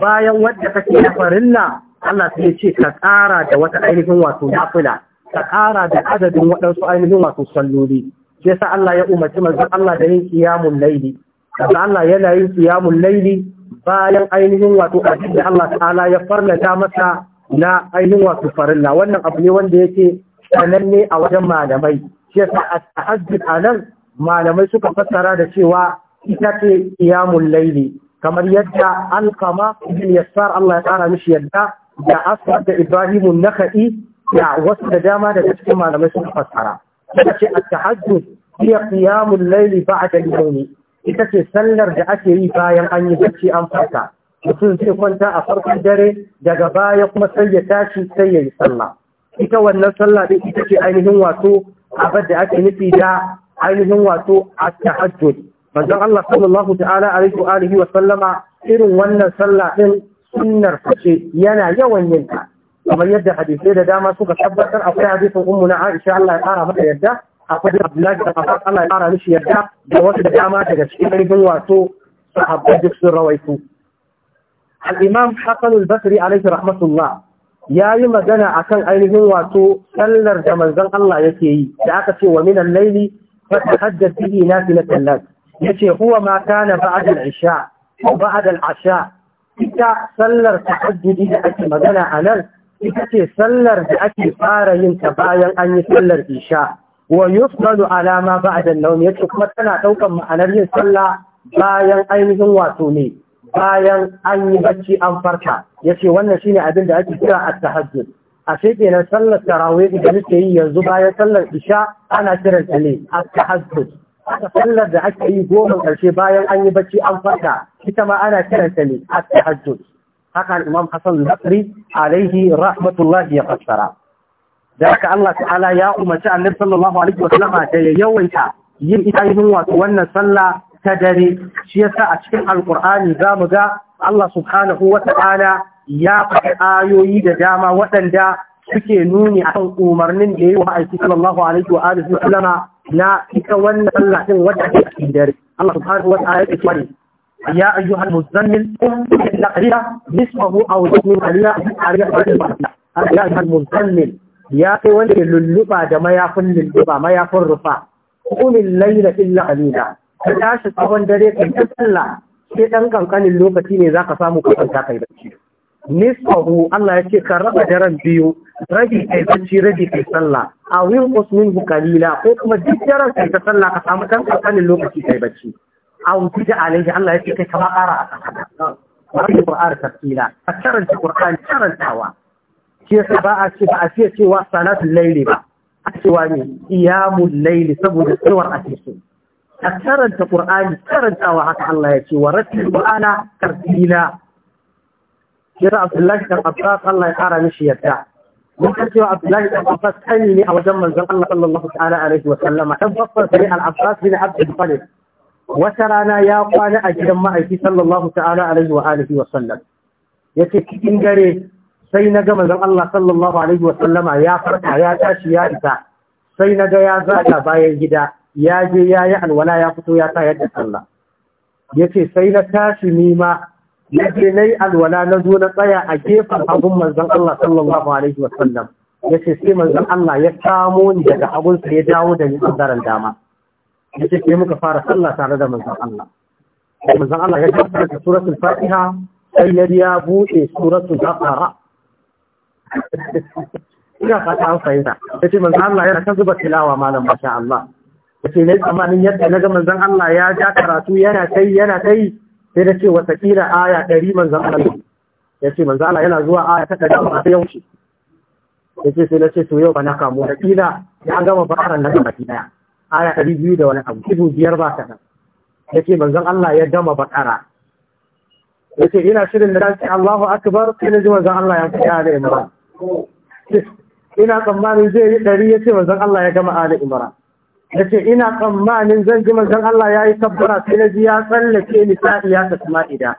S1: bayan wanda kake na farilla Allah sai ya ce ka ƙara da wata ainihin wato nafila ka ƙara da adadin waɗansu ainihin wato salloli shi yasa Allah ya umarci manzon Allah da yin qiyamul layli kaza Allah yana yin qiyamul layli bayan ainihin wato abin da Allah ta'ala ya farlata masa na ainihin wasu farilla wannan abu ne wanda yake sananne a wajen malamai shi yasa a tahajjud anan malamai suka fassara da cewa ita ce qiyamul layli kamar yadda alqama ibn yassar Allah ya tsara mishi yadda da asar da ibrahim an-nakhai da wasu da dama daga cikin malamai suka fassara ita ce at-tahajjud hiya qiyamul layli ba'da al-nawm ita ce sallar da ake yi bayan an yi bacci an farka mutum zai kwanta a farkon dare daga baya kuma sai ya tashi sai ya yi sallah ita wannan sallah din ita ce ainihin wato abin da ake nufi da ainihin wato a tahajjud manzon Allah sallallahu ta'ala alaihi wa alihi wa sallama irin wannan sallah din sunnar ce yana yawan yin ta kamar yadda hadisai da dama suka tabbatar akwai hadisin ummu na Aisha Allah ya kara mata yadda akwai Abdullahi da Abbas Allah ya kara mishi yadda da wasu da dama daga cikin ainihin wato sahabbai duk sun rawaito al'imam hassanul basri alaihi rahmatullah ya yi magana a kan ainihin wato sallar da manzan Allah yake yi da aka ce wa minan laili fata hajjar fiye na fi na ya ce huwa ma na ba'adal isha ba'adal asha ita sallar tahajjudi da ake magana a nan ita ce sallar da ake fara yin ta bayan an yi sallar isha wa yusbalu alama ba'da an-nawm yace kuma tana ɗaukar ma'anar yin sallah bayan ainihin wato ne bayan an yi bacci an farka ya ce wannan shine abin da ake kira a tahajjud a sai kenan sallar tarawih da muke yi yanzu bayan sallar isha ana kiran ta ne a tahajjud aka sallar da ake yi goma karshe bayan an yi bacci an farka ita ma ana kiran ta ne a tahajjud haka imam hasan zakri alaihi rahmatullah ya fassara da haka Allah ta'ala ya umarci annabi sallallahu alaihi wa sallama da ya yawaita yin ita yin wato wannan sallah ta dare shi yasa a cikin alkur'ani za mu ga Allah subhanahu wa ta'ala ya faɗi ayoyi da dama waɗanda suke nuni a kan umarnin da ya yi wa aiki sallallahu alaihi wa alihi wa sallama na ita wannan Allah din wadda ake cikin dare Allah subhanahu wa ta'ala ya ce ya ayyuhal muzammil qum illa qalila nisfahu aw qum qalila ariya ya ayyuhal muzammil ya kai wanda ke lulluba da mayafin lulluba mayafin rufa qum illa illa qalila ka tashi sabon dare kai sallah sai ɗan kankanin lokaci ne za ka samu ka kwanta kai bacci nisfahu Allah ya ce ka raba daren biyu rabi kai bacci rabi kai sallah a wil usmin bukalila ko kuma duk daren kai ta sallah ka samu ɗan kankanin lokaci kai bacci a wuce alaihi Allah ya ce kai ka ba ƙara a kasa. wani Qur'an tafsira a karanta Qur'an karantawa shi yasa ba a ce ba a ce cewa salatul laili ba a cewa ne iyamul laili saboda tsawar a cikin a karanta Qur'ani karantawa haka Allah ya ce wa rattil Qur'ana tartila kira Abdullahi dan Abbas Allah ya kara mishi yadda mun ka cewa Abdullahi dan Abbas kani ne a wajen manzon Allah sallallahu ta'ala alaihi wa sallama dan babban sai al-Abbas bin Abdul Muttalib wata rana ya kwana a gidan ma'aiki sallallahu ta'ala alaihi wa alihi wa sallam yace cikin dare sai na ga manzon Allah sallallahu alaihi wa sallama ya farka ya tashi ya isa sai na ga ya zaga bayan gida ya je ya yi alwala ya fito ya tayar da sallah ya ce sai na tashi nima Ya ce na yi alwala na zo na tsaya a gefen hagun manzan Allah sallallahu alaihi wasallam ya ce sai manzan Allah ya samo ni daga hagunsa ya dawo da ni ɓangaren dama ya ce sai muka fara sallah tare da manzan Allah manzan Allah ya tabbata da suratul fatiha sai ya ya buɗe suratul baqara ina fata an fahimta ya ce manzan Allah yana ta zuba tilawa malam masha Allah yace ne tsammanin yadda na ga manzon Allah ya ja karatu yana kai yana kai sai da ce wata kila aya ɗari manzon Allah yace manzon Allah yana zuwa aya ta ɗari amma sai ya wuce yace sai na ce to yau ba na kamu da kila ya gama fara na gaba daya aya ɗari biyu da wani abu dubu biyar ba kaɗan yace manzon Allah ya gama bakara yace ina shirin da dace Allahu akbar sai na ji manzon Allah ya fita da Imran ina tsammanin zai yi ɗari yace manzon Allah ya gama Ali Imran yace ina tsammanin zan ji manzon Allah yayi tabbara sai na ji ya tsallake ni sa'i ya ta sama'ida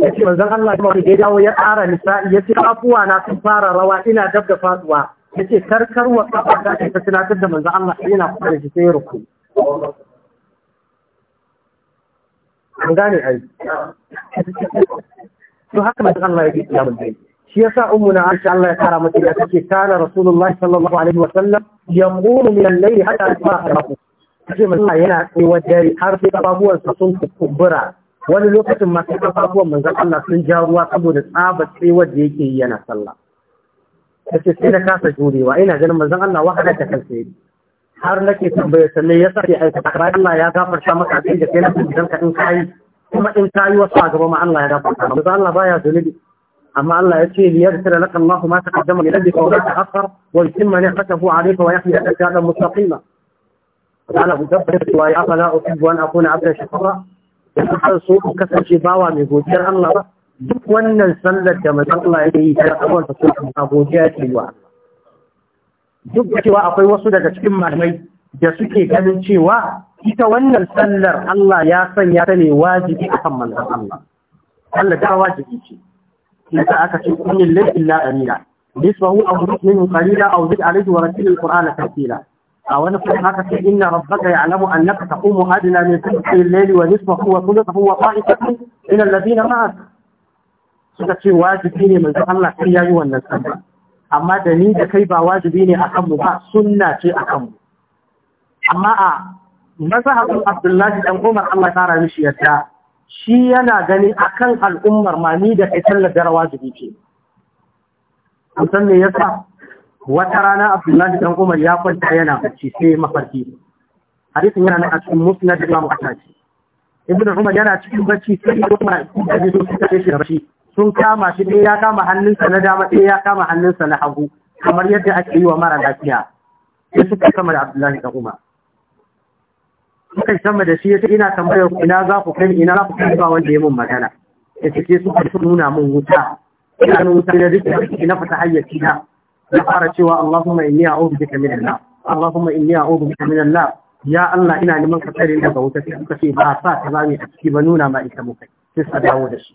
S1: yace manzon Allah kuma da ya dawo ya ƙara ni sa'i yace afuwa na sun fara rawa ina dab da faduwa yace karkar wa kafa ta ta tunatar da manzon Allah ina kuma da shi sai ruku an gane ai to haka Allah ya yi ya mun dai shi yasa ummuna Aisha Allah ya kara mata da take kana Rasulullah sallallahu alaihi wa sallam yaqumu min al-layli hatta asbaha kace mun yana tsayuwar dare har sai kafafuwan sa sun kumbura wani lokacin ma sai kafafuwan manzon Allah sun ja ruwa saboda tsabar tsayuwar da yake yi yana sallah kace sai na kasa jurewa ina ganin manzon Allah wahala ta kansa yake har nake tambayar sa ya sa ke aikata bayan Allah ya gafarta maka abin da kai na tunanka in kai kuma in kayi wasu a gaba ma Allah ya gafarta maka Allah baya zunubi أما الله يأتي ليغفر لك الله ما تقدم من ذنبك وما تأخر ويتم نعمته عليك ويحمي لك صراطا مستقيما قال أبو ذر أفلا أحب أن أكون عبدا شكورا yanzu so kasance bawa mai godiyar Allah duk wannan sallar da manzon Allah ya yi ta abuwan ta so a godiya ce wa duk da cewa akwai wasu daga cikin malamai da suke ganin cewa ita wannan sallar Allah ya sanya ta ne wajibi akan manzon Allah Allah ta wajibi ce yasa aka ce kullin lil illa amina nisbahu aw zid minhu qalila aw zid alayhi wa rattil alqur'ana tartila a wani kuma haka ce inna rabbaka ya'lamu annaka taqumu adna min thuluthi al-layli wa nisfahu wa thuluthahu wa qa'ifatun min alladhina ma'ak suka ce wajibi ne manzo Allah sai yayi wannan sabba amma da ni da kai ba wajibi ne akan mu ba sunna ce akan mu amma a mazhabin Abdullahi dan Umar Allah ya tara mishi yadda shi yana gani akan al'ummar ma ni da kai sallar jarawa wajibi ce musan ne sa wata rana Abdullahi dan Umar ya kwanta yana bacci sai mafarki hadisin yana na cikin musnad Imam Ahmad Ibn Umar yana cikin bacci sai ya kuma da su suka tashi da bacci sun kama shi ɗaya ya kama hannunsa na dama ɗaya ya kama hannunsa na hagu kamar yadda ake yi wa mara lafiya sai suka kama da Abdullahi dan Umar muka sama da shi yace ina tambayar ku ina za ku kai ina za ku kai ba wanda ya mun magana Ya ce sai suka nuna mun wuta ina nuna wuta na rike na fata hayyaci na na fara cewa Allahumma inni a'udhu bika min an-nar Allahumma inni a'udhu bika min an-nar ya Allah ina neman ka tsare daga wuta sai suka ce ba sa ta zame a ciki ba nuna ma ita muka sai suka dawo da shi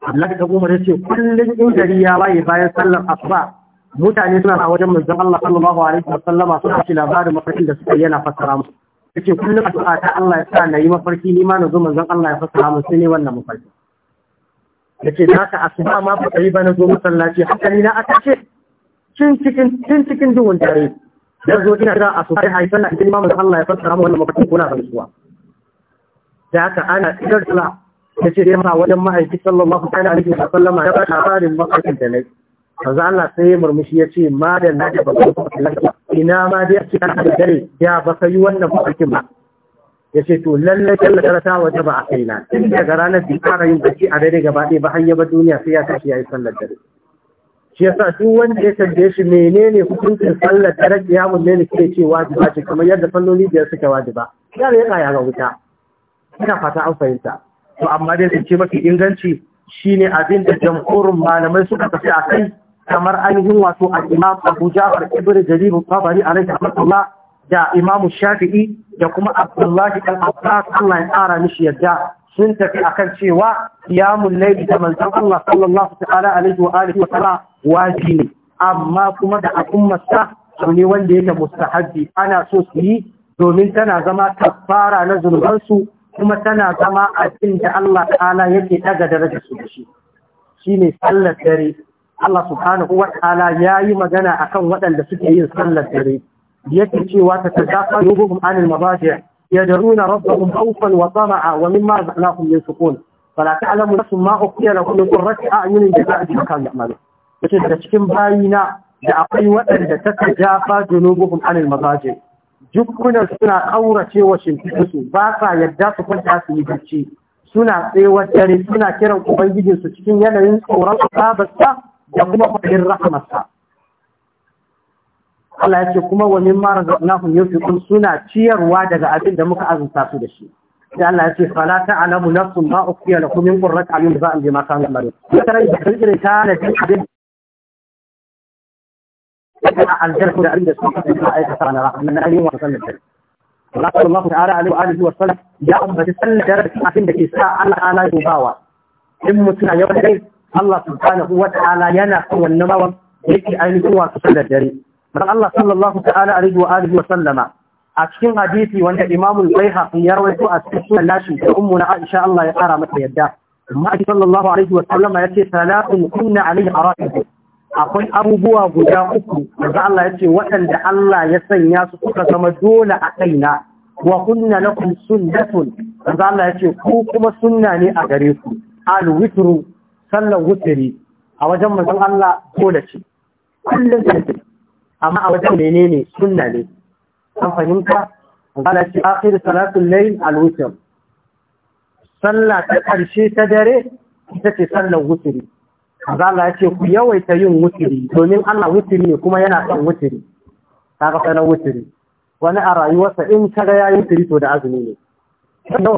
S1: Allah ta Umar yace kullun in gari ya waye bayan sallar asuba mutane suna a wajen manzon Allah sallallahu alaihi wasallama suna ci labarin mafarkin da suka yana fassara musu kace kullum addu'a ta Allah ya sa na yi mafarki ni ma na zo manzon Allah ya fasa mun sai ne wannan mafarki yace da haka asuba ma ba kai ba na zo masallaci haka ni na aka ce cin cikin cin cikin duhun dare da zo ina da asuba sai haifan na ni ma manzon Allah ya fasa mun wannan mafarki kuna gamsuwa da haka ana idar sala yace dai ma wajen mahaifi sallallahu alaihi wa sallam ya ba farin mafarkin da nayi manzon Allah sai murmushi yace ma da na da ba ku lafiya ina ma dai a cikin da dare ya ba ka yi wannan mafarkin ba ya ce to lallai kalla ta waje ba a kai na daga ranar bai fara yin bacci a dare gaba ɗaya ba hanyar ba duniya sai ya tashi ya yi sallar dare shi yasa duk wanda ya tambaye shi menene hukuncin sallar dare ya mun ne kike ce wajiba ce kamar yadda salloli biyar suka wajiba ya ne yana ya wuta ina fata an fahimta to amma dai su ce maka inganci shine abin da jamhurin malamai suka tafi a kai kamar ainihin wato a imam Abu ja'ar Ibn Jarir al-Tabari alaihi rahmatullah da imam Shafi'i da kuma Abdullahi ibn Abbas Allah ya tsara mishi yadda sun tafi a kan cewa qiyamul layli da manzon Allah sallallahu ta'ala alaihi wa alihi wa sallam wajibi amma kuma da al'ummarsa su ne wanda yake mustahabbi ana so su yi domin tana zama kafara na zunubansu kuma tana zama a da Allah ta'ala yake daga daraja su da shi shine sallar dare Allah subhanahu wa ta'ala ya yi magana akan waɗanda suke yin sallar dare yake cewa ta tadafa yubuhum anil mabaji' يدعون ربهم خوفا وطمعا ومما رزقناهم ينفقون فلا تعلم نفس ما أخفي لهم من قرة أعين جزاء بما كانوا يعملون yace da cikin bayina da akwai waɗanda ta kajafa junubuhum anil mazaje jukkunan suna kaurace wa shimfiɗinsu ba sa yadda su kwanta su yi bacci suna tsewar dare suna kiran ubangijinsu cikin yanayin tsoron su ba da kuma fadin rahamarsa Allah ya ce kuma wani mara nahun yau yunfiqun suna ciyarwa daga abin da muka azunta su da shi sai Allah ya ce fala ta'lamu nafsun ma ukhfiya lakum min qurrati a'yun jaza'an bima kanu ya'malun da kirkire ta da abin الجرح ده ta. السنة آية da من أهل وسلم رسول ya تعالى عليه وآله abin da ke بتسلم Allah عشان دكيسا على In يباوى Allah subhanahu wa ta'ala yana kan wannan bawan yake ainihin wasu da dare dan Allah sallallahu ta'ala alaihi wa alihi wa sallama a cikin hadisi wanda Imam al-Baihaqi ya rawaito a cikin sunan nashi da ummu na Aisha Allah ya kara mata yadda amma sallallahu alaihi wa sallama yace salatun kunna alaihi qara'atu akwai abubuwa guda uku da Allah ya ce waɗanda Allah ya sanya su suka zama dole a kaina wa kunna lakum sunnatun da Allah ya ce ku kuma sunna ne a gare ku al-witru sallar wuturi a wajen mutum Allah ko da ce, kullum sai amma a wajen ne sunna ne an fahimta ala ce akhir salatul layl al wutr sallah ta ƙarshe ta dare ita ce sallar wuturi kaza Allah ce ku yawaita yin wuturi domin Allah wuturi ne kuma yana son wuturi kaga sanar wuturi wani a rayuwarsa in ya yayin wuturi to da azumi ne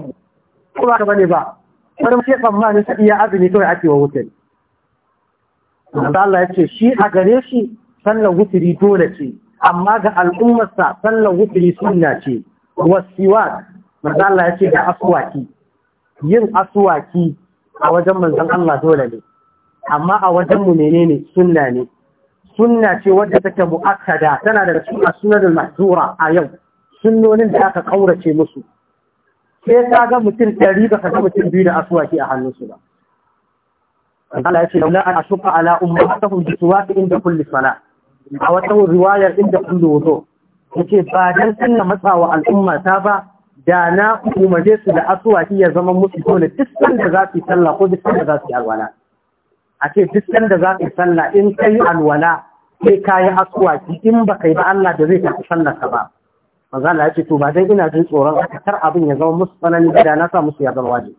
S1: kuma ka bane ba wani mace tsamma ne sa iya azumi kawai ake wa wutari Allah ya ce shi a gare shi sallar wutari dole ce amma ga al'ummarsa sallar wutari sunna ce wasiwa manzo Allah ya ce da aswaki yin aswaki a wajen manzon Allah dole ne amma a wajen mu menene sunna ne sunna ce wadda take mu'akkada tana da cikin sunan al a yau sunnonin da aka ƙaurace musu sai ka ga mutum ɗari ba ka mutum biyu da asuwaki a hannunsu ba Allah ya ce laula an ashuqa ala ummatihim suwa ta inda kulli salat a wata riwayar inda kulli ya ce, ba dan sunna matsawa al'umma ta ba da na umarje su da asuwaki ya zama musu dole duk sanda za su yi sallah ko duk sanda za su yi alwala a ce duk sanda za su yi sallah in ka yi alwala sai ka yi asuwaki in ba kai ba Allah da zai tafi sallar ka ba Maza Allah ya ce to ba dan ina jin tsoron kar abin ya zama musu tsananin gida na sa musu ya zama wajibi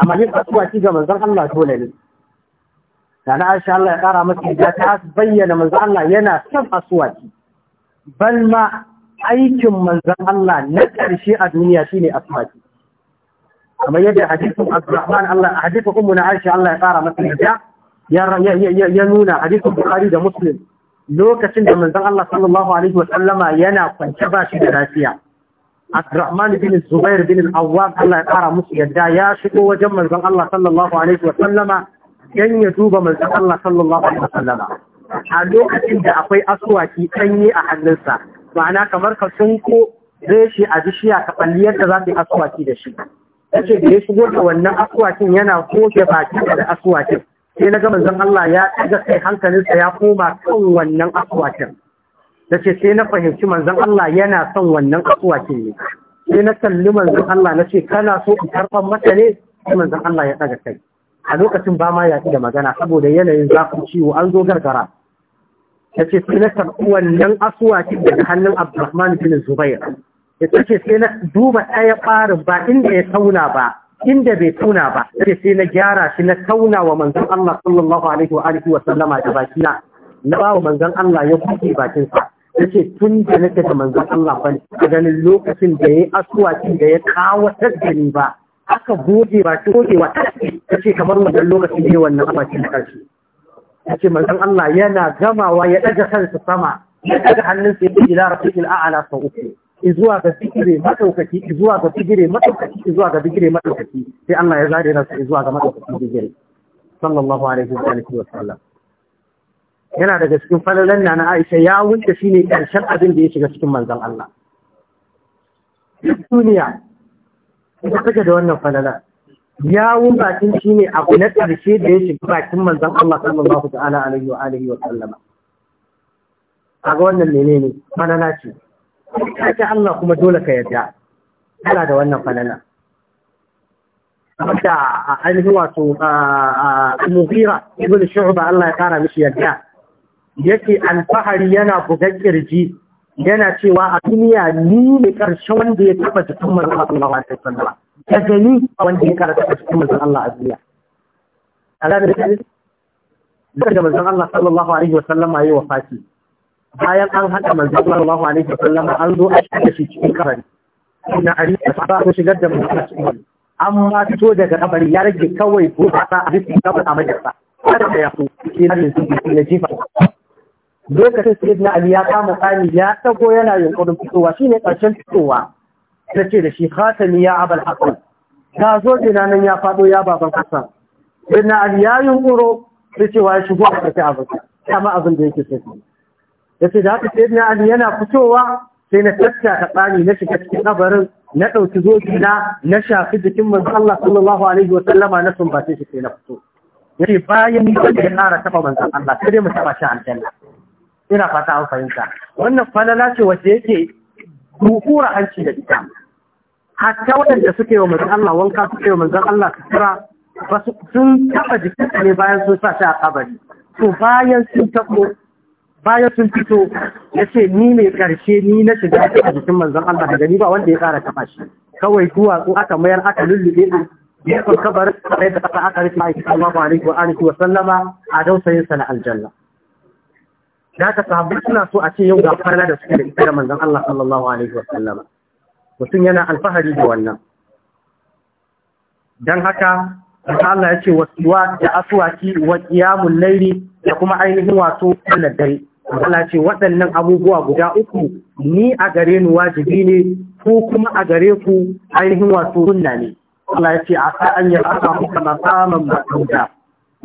S1: amma yin asuwaci ga Manzan Allah dole ne da na Aisha Allah ya kara masa ya ta bayyana Manzan Allah yana son asuwaci bal ma aikin Manzan Allah na ƙarshe a duniya shine asuwaci kamar yadda hadisin Abdurrahman Allah hadisin ummu na Aisha Allah ya kara masa ya ya ya nuna hadisin Bukhari da Muslim lokacin da manzon Allah sallallahu alaihi wa sallama yana kwance ba shi da lafiya Abdurrahman bin Zubair bin Al-Awwam Allah ya kara musu yadda ya shigo wajen manzon Allah sallallahu alaihi wa sallama dan ya duba manzon Allah sallallahu alaihi wa sallama a lokacin da akwai aswaki sanyi a hannunsa ma'ana kamar ka sunko reshi a bishiya ka falli yadda za ta yi asuwaki da shi yace da ya shigo da wannan aswakin yana goge baki da aswakin. sai na ga zan Allah ya ɗaga kai hankalinsa ya koma kan wannan akwatin da ce sai na fahimci manzan Allah yana son wannan akwatin ne sai na kalli manzan Allah na ce kana so in karɓar mata ne sai manzan Allah ya ɗaga kai a lokacin ba ma ya da magana saboda yanayin zafin ciwo an zo gargara ya ce sai na karɓi wannan asuwakin daga hannun abdurrahman bin Zubair ya ce sai na duba ɗaya ɓarin ba inda ya tauna ba inda bai tauna ba sai sai na gyara shi na tauna wa manzon Allah sallallahu alaihi wa alihi wa sallama da bakina na ba wa manzon Allah ya kuke bakin sa yace tun da na da manzon Allah ban ganin lokacin da yayi asuwaci da ya kawo tasgani ba aka goge ba shi ke wa yace kamar wannan lokacin ne wannan abakin karshe yace manzon Allah yana gamawa ya daga kansa sama ya daga hannunsa ya bi ila rafiqil a'la sau uku izuwa ga bigire madaukaki izuwa ga bigire madaukaki izuwa ga bigire madaukaki sai Allah ya zare nasu izuwa ga madaukaki bigire sallallahu alaihi wa sallam yana daga cikin falalan na na Aisha ya wuce shine karshen abin da ya shiga cikin manzon Allah duniya ita take da wannan falala yawun bakin shine abu na karshe da ya shiga bakin manzan Allah sallallahu ta'ala alaihi wa alihi wa sallama kaga wannan menene manana ce ka ta Allah kuma dole ka yadda ana da wannan falala a ainihin wato mughira ibn shu'ba Allah ya kara mishi yadda yake alfahari yana bugar kirji yana cewa a duniya ni ne karshen wanda ya taba jikin manzon Allah sallallahu alaihi wasallam ta gani wanda ya karanta jikin manzon Allah a duniya Allah da da manzon Allah sallallahu alaihi wasallam yayi wafati bayan an haɗa manzon sallallahu alaihi sallam an zo a cikin shi cikin kabari ina ari da fara ko shigar da mutum cikin an amma to daga kabari ya rage kawai ko ba a cikin kabari a majalisa kada ka yaso shi ne su ji na jifa lokacin na ali ya kama tsani ya tago yana yunkurin fitowa shine karshen fitowa ta ce da shi khatami ya abal hasan ta zo dina nan ya faɗo ya baban kasa. sayyidina ali ya yunkuro sai cewa ya shigo a cikin abu kama abin da yake sai yace da haka sai na ali yana fitowa sai na tsaka ta tsani na shiga cikin kabarin na ɗauki zoki na na shafi jikin manzo Allah sallallahu alaihi wa sallama na sumbace shi sai na fito yace bayan ni da ƙara taba manzo Allah sai mu taba shi aljanna ina fata an fahimta wannan falala ce wacce yake kukura hanci da ita hatta waɗanda suke wa manzo Allah wanka suke wa manzo Allah sutura ba su sun taba jikin ne bayan sun sa shi a kabari to bayan sun tabo bayan sun fito ya ce ni mai karshe ni na shiga a jikin manzon Allah daga ni ba wanda ya kara kafa shi kawai ko aka mayar aka lullube ni ya kan kabar sai da aka aka rufe mai sallallahu ko wa alihi wa sallama a dausayin sa na aljanna da ka sahabbai suna so a ce yau ga farla da suke da ita da manzon Allah sallallahu alaihi wa sallama mutum yana alfahari da wannan dan haka Allah ya ce wasuwa da asuwaki wa qiyamul layli da kuma ainihin wato sallar dare Allah ce waɗannan abubuwa guda uku ni a gare ni wajibi ne ko kuma a gare ku ainihin wato sunna ne Allah ce a sa an yi aka muka makaman matuda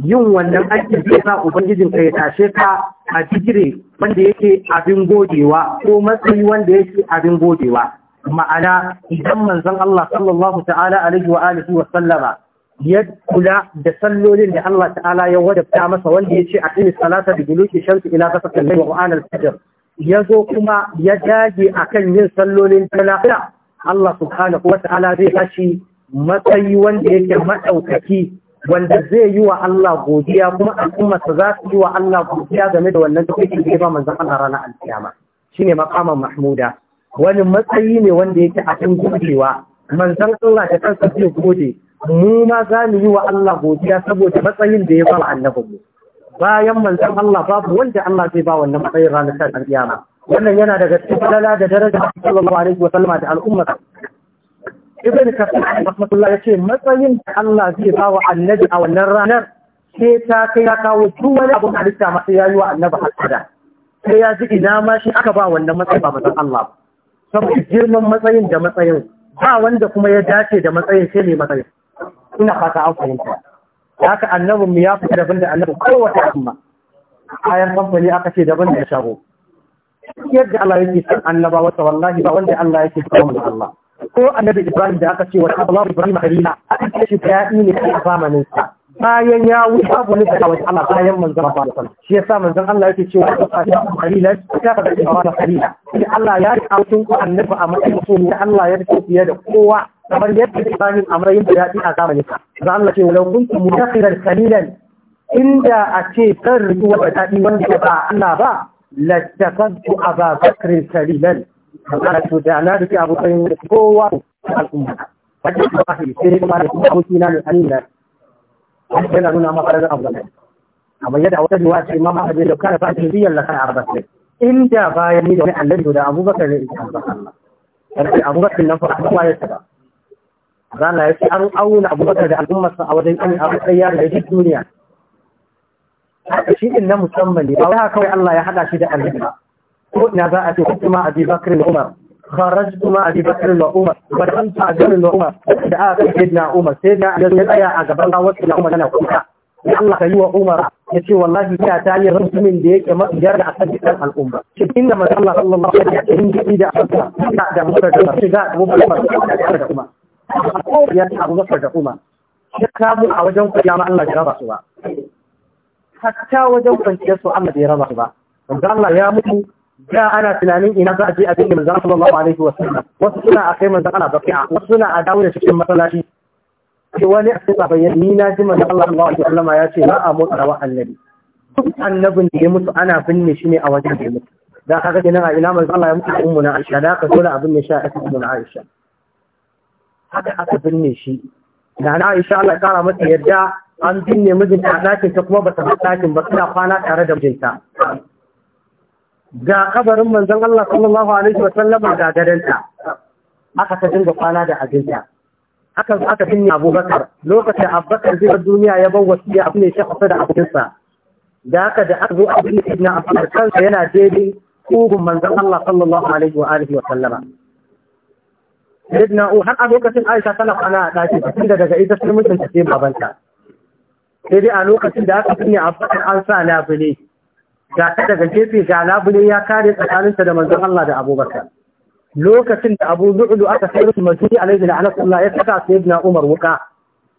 S1: yin wannan aikin zai sa ubangijin ka ya tashe ka a digire wanda yake abin godewa ko matsayi wanda yake abin godewa ma'ana idan manzon Allah sallallahu ta'ala alaihi wa alihi wa ya kula da sallolin da Allah ta'ala ya wadabta masa wanda ya ce a ƙini salata da guluki shamsu ila kasa kallai wa anan fajr ya zo kuma ya dage akan yin sallolin talafila Allah subhanahu wa ta'ala zai tashi matsayi wanda yake maɗaukaki wanda zai yi wa Allah godiya kuma al'ummarsa za su yi wa Allah godiya game da wannan tafiye da ba manzan Allah ranar alkiyama shine makaman mahmuda wani matsayi ne wanda yake a cikin gudewa manzan Allah da kansa zai gode mu ma za mu yi wa Allah godiya saboda matsayin da ya ba annabinmu bayan manzon Allah babu wanda Allah zai ba wannan matsayin ranar kan kiyama wannan yana daga cikin darajar da daraja sallallahu alaihi wa sallama da al'umma ibn kafir rahmatullah yace matsayin da Allah zai ba wa annabi a wannan ranar sai ta kai ya kawo duk wani abun halitta masa yayi wa annabi hasada sai ya ji ina ma shi aka ba wannan matsayin ba manzon Allah saboda girman matsayin da matsayin ba wanda kuma ya dace da matsayin sai ne matsayin ina fata an fahimta haka annabin mu ya fita daban da annabin kowace amma kayan kamfani aka ce daban da shago yadda Allah yake san annaba wata wallahi ba wanda Allah yake san mu Allah ko annabi Ibrahim da aka ce wa Allah Ibrahim khalila aka ce shi yi ne a zamanin sa bayan ya wuce abu wani daga wata ala bayan manzon Allah sallallahu alaihi shi yasa manzon Allah yake cewa ka fadi kalila ka kalila Allah ya rika sun ku annabi a matsayin Allah ya rike fiye da kowa kamar yadda Ibrahim amrayin da yadi a zamanin sa dan Allah ce walau kuntum kalilan inda a ce kan ruwa da dadi wanda ba Allah ba lattakantu Aba Bakr kalilan Allah to da na rike abokan kowa al'umma wajen ba sai kuma da abokin da al'umma wani yana nuna maka daga abu ne amma yadda wata duwa ce imam ahmad da kana fa tarbiyar la kana abbas ne inda bayan ni da wani annabi da abubakar ne ita abbas Allah sai abubakar nan fa kuma ya saba rana ya ce an auna abubakar da al'ummarsa a wajen an abu tsayya da duk duniya shi din na musamman ne ba wai haka kawai Allah ya hada shi da annabi ko ina za a ce kuma Abi Bakr da Umar خرجت مع أبي بكر وعمر ودخلت مع جابر وعمر دعا سيدنا عمر سيدنا عمر يا يا أجبرنا وسيدنا عمر أنا وكذا Allah yi wa Umar ya ce wallahi ina ta yi mutumin da yake matsiyar da akan dukkan al'umma shi inda manzo Allah sallallahu alaihi wasallam ya yin gidi da aka da mutar da shi ga Abu Bakar da Umar
S2: ko ya ta Abu
S1: da Umar shi kamu a wajen kiyama Allah ya ba hatta wajen kwanciyar Allah bai raba ba manzo Allah ya mutu da ana tunanin ina za a je abin da manzon sallallahu alaihi wasallam wasu suna a kai manzon Allah baki'a wasu suna a dawo da cikin masallaci ke wani a cikin bayan ni na ji manzon Allah sallallahu alaihi wasallam ya ce ba a motsa rawa annabi duk annabin da ya mutu ana binne shi ne a wajen da ya mutu da kaga kenan a ina manzon Allah ya mutu ummu na Aisha da aka dole abin ne sha a cikin Aisha haka aka binne shi da na Aisha Allah ya kara mata yadda an binne mijinta a ɗakin ta kuma ba ta ɗakin ba suna kwana tare da mijinta ga kabarin manzon Allah sallallahu alaihi wa sallama ga gadanta aka ta dinga kwana da abinta aka zo aka Abu Bakar lokacin Abubakar zai duniya ya bar wasiya abu ne shi kusa da abinsa da haka da aka zo a binne Ibn Abbas kansa yana daidai kugun manzon Allah sallallahu alaihi wa alihi wa sallama Sayyidina har a lokacin Aisha tana kwana a ɗakin tunda daga ita sun mutunta sai babanta sai dai a lokacin da aka binne Abubakar an sa labule ga ta daga gefe ga labule ya kare tsakaninta da manzon Allah da Abubakar lokacin da Abu Lu'lu aka sayar da Masih alaihi wa Allah, ya saka ibn Umar wuka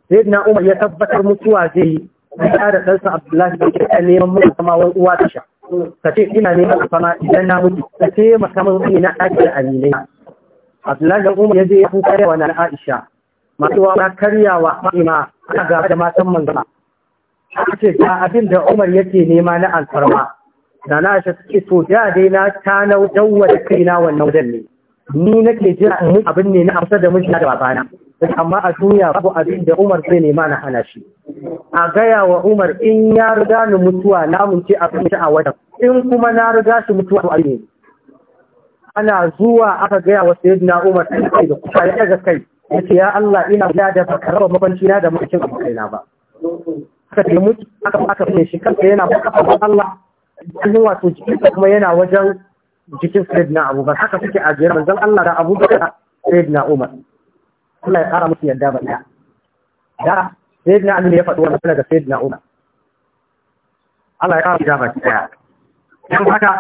S1: Sai ibn Umar ya tabbatar mutuwa zai yi ya da ɗansa Abdullahi da ke neman mutu kama wani uwa ta sha ka ce ina neman sama idan na mutu ka ce makamar wani na ɗaki da aminai Abdullahi da Umar ya je ya kuka yawa na Aisha masu wa wa Fatima a gaba da matan manzama ake ce ga abin da Umar yake nema na alfarma da na shi suke so da dai na ta nautawa da kaina wannan wajen ne ni nake jira in abin ne na amsa da mijina da babana amma a duniya babu abin da Umar zai nema na hana shi a gaya wa Umar in ya riga ni mutuwa na mun ce abin a watan in kuma na riga shi mutuwa to ne ana zuwa aka gaya wa na Umar sai da kusa ya daga kai yace ya Allah ina da da baka raba mabanci na da mutum na ba aka mutu aka aka shi kansa yana baka Allah cikin wato jikinsa kuma yana wajen jikin Fred na Abubakar haka suke a jiyar manzon Allah da Abubakar Fred na Umar Allah ya kara musu yadda ba ɗaya da Fred na ne ya faɗi wannan daga Fred na Umar Allah ya kara yadda ba ɗaya Yan haka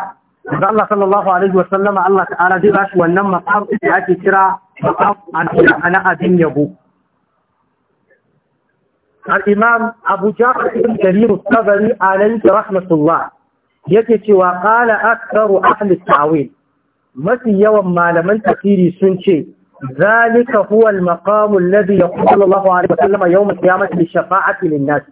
S1: da Allah sallallahu alaihi wa sallama Allah ta'ala zai ba shi wannan maqam da ake kira maqam ana abin yabo الإمام أبو جعفر بن جرير الطبري عليه رحمة الله yake cewa qala aktharu ahli tawil mafi yawan malaman tafsiri sun ce zalika huwa al-maqam alladhi yaqulu Allahu alaihi wasallam yawm al-qiyamati bi shafa'ati lin-nas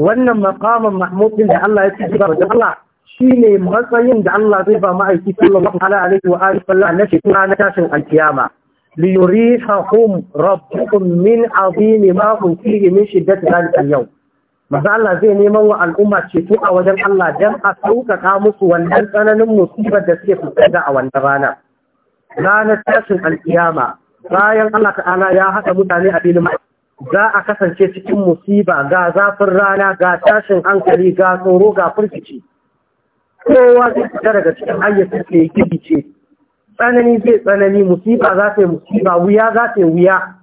S1: wannan maqamin mahmud da Allah ya ce ga Allah shine matsayin da Allah zai ba ma'aiki sallallahu alaihi wa alihi wasallam na shi, shekara na tashin al-qiyama li yurihahum rabbukum min azimi ma kuntum min shiddati dhalika al-yawm Maza Allah zai neman wa al'umma ceto a wajen Allah don a sauƙaƙa musu wannan tsananin musibar da suke fuskanta a wannan rana. Ranar tashin alkiyama bayan Allah ta'ala ya haɗa mutane a filin za a kasance cikin musiba ga zafin rana ga tashin hankali ga tsoro ga firgici kowa zai fita daga cikin ayyukan da ya ce tsanani zai tsanani musiba za ta yi musiba wuya za ta yi wuya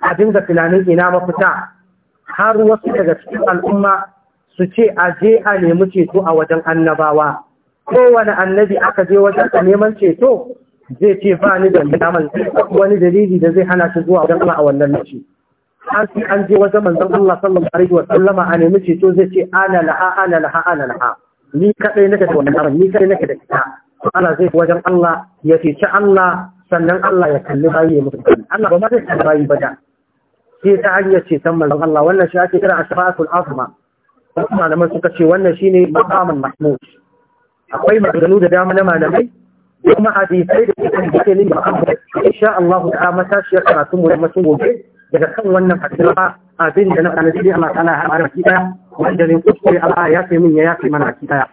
S1: a dinga tunanin ina mafita har wasu daga cikin al'umma su ce a je a nemi ceto a wajen annabawa kowane annabi aka je wajen a neman ceto zai ce ba ni da damar wani dalili da zai hana shi zuwa wajen Allah a wannan lokaci an ce an je wajen manzon Allah sallallahu alaihi wa sallama a nemi ceto zai ce ana laha ana laha ana laha ni kadai nake da wannan ni kadai nake da kita Allah zai wajen Allah ya ceci Allah sannan Allah ya kalli bayi ya mutu Allah ba ma zai kalli bayi ba da A'a. ta hanyar ceton manzon Allah wannan shi ake kira ashfatul azma wasu suka ce wannan shine maqamin mahmud akwai maganganu da dama na malamai kuma hadisai da suke cikin ne insha Allah ta mata shi mu gobe daga kan wannan hadisa abin da na kana shi Allah ta'ala har arki da wanda ne kuskure Allah ya min ya yafi mana ki daya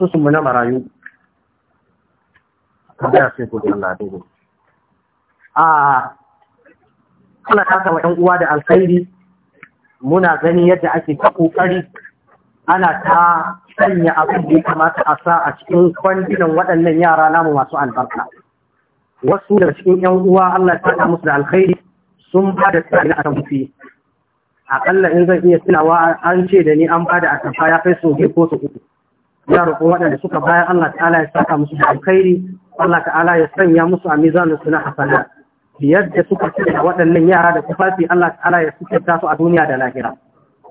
S1: na marayu kada sai ku Allah a Allah kasa wa ‘yan uwa da alkhairi muna gani yadda ake ta ƙoƙari ana ta sanya abin da ya kamata a sa a cikin kwandinan waɗannan yara namu masu albarka. Wasu daga cikin ‘yan uwa Allah ta sa musu da alkhairi sun ba da tsari a tamfi. Aƙalla in zan iya tunawa an ce da ni an ba da atamfa ya kai sau ko su uku. Ya waɗanda suka bayan Allah ta'ala ya saka musu da alkhairi, Allah ta'ala ya sanya musu a mizanin suna yadda suka ci da waɗannan yara da tufafi Allah ta'ala ya suka su a duniya da lahira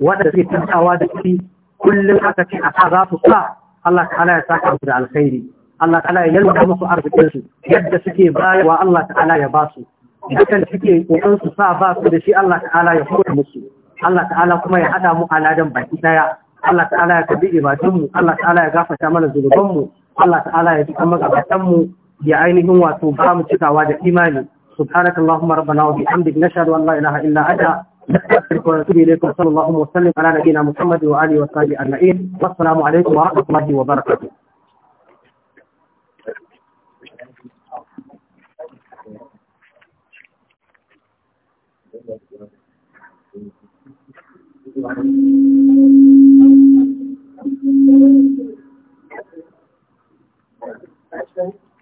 S1: waɗanda suke tantawa da shi kullum aka ce a sa za su sa Allah ta'ala ya saka musu da alkhairi Allah ta'ala ya yalwata musu arzikin su yadda suke bayarwa Allah ta'ala ya ba su dukan suke kokarin su sa ba su da shi Allah ta'ala ya hura musu Allah ta'ala kuma ya hada mu aladan baki daya Allah ta'ala ya kabi ibadun mu Allah ta'ala ya gafarta mana zunuban mu Allah ta'ala ya ji kamar gabatan mu ya ainihin wato ba mu cikawa da imani سبحانك اللهم ربنا وبحمدك نشهد أن لا إله إلا أنت نستغفرك ونتوب إليكم صلى الله وسلم على نبينا محمد وآله وصحبه أجمعين والسلام عليكم ورحمة الله وبركاته Thank you.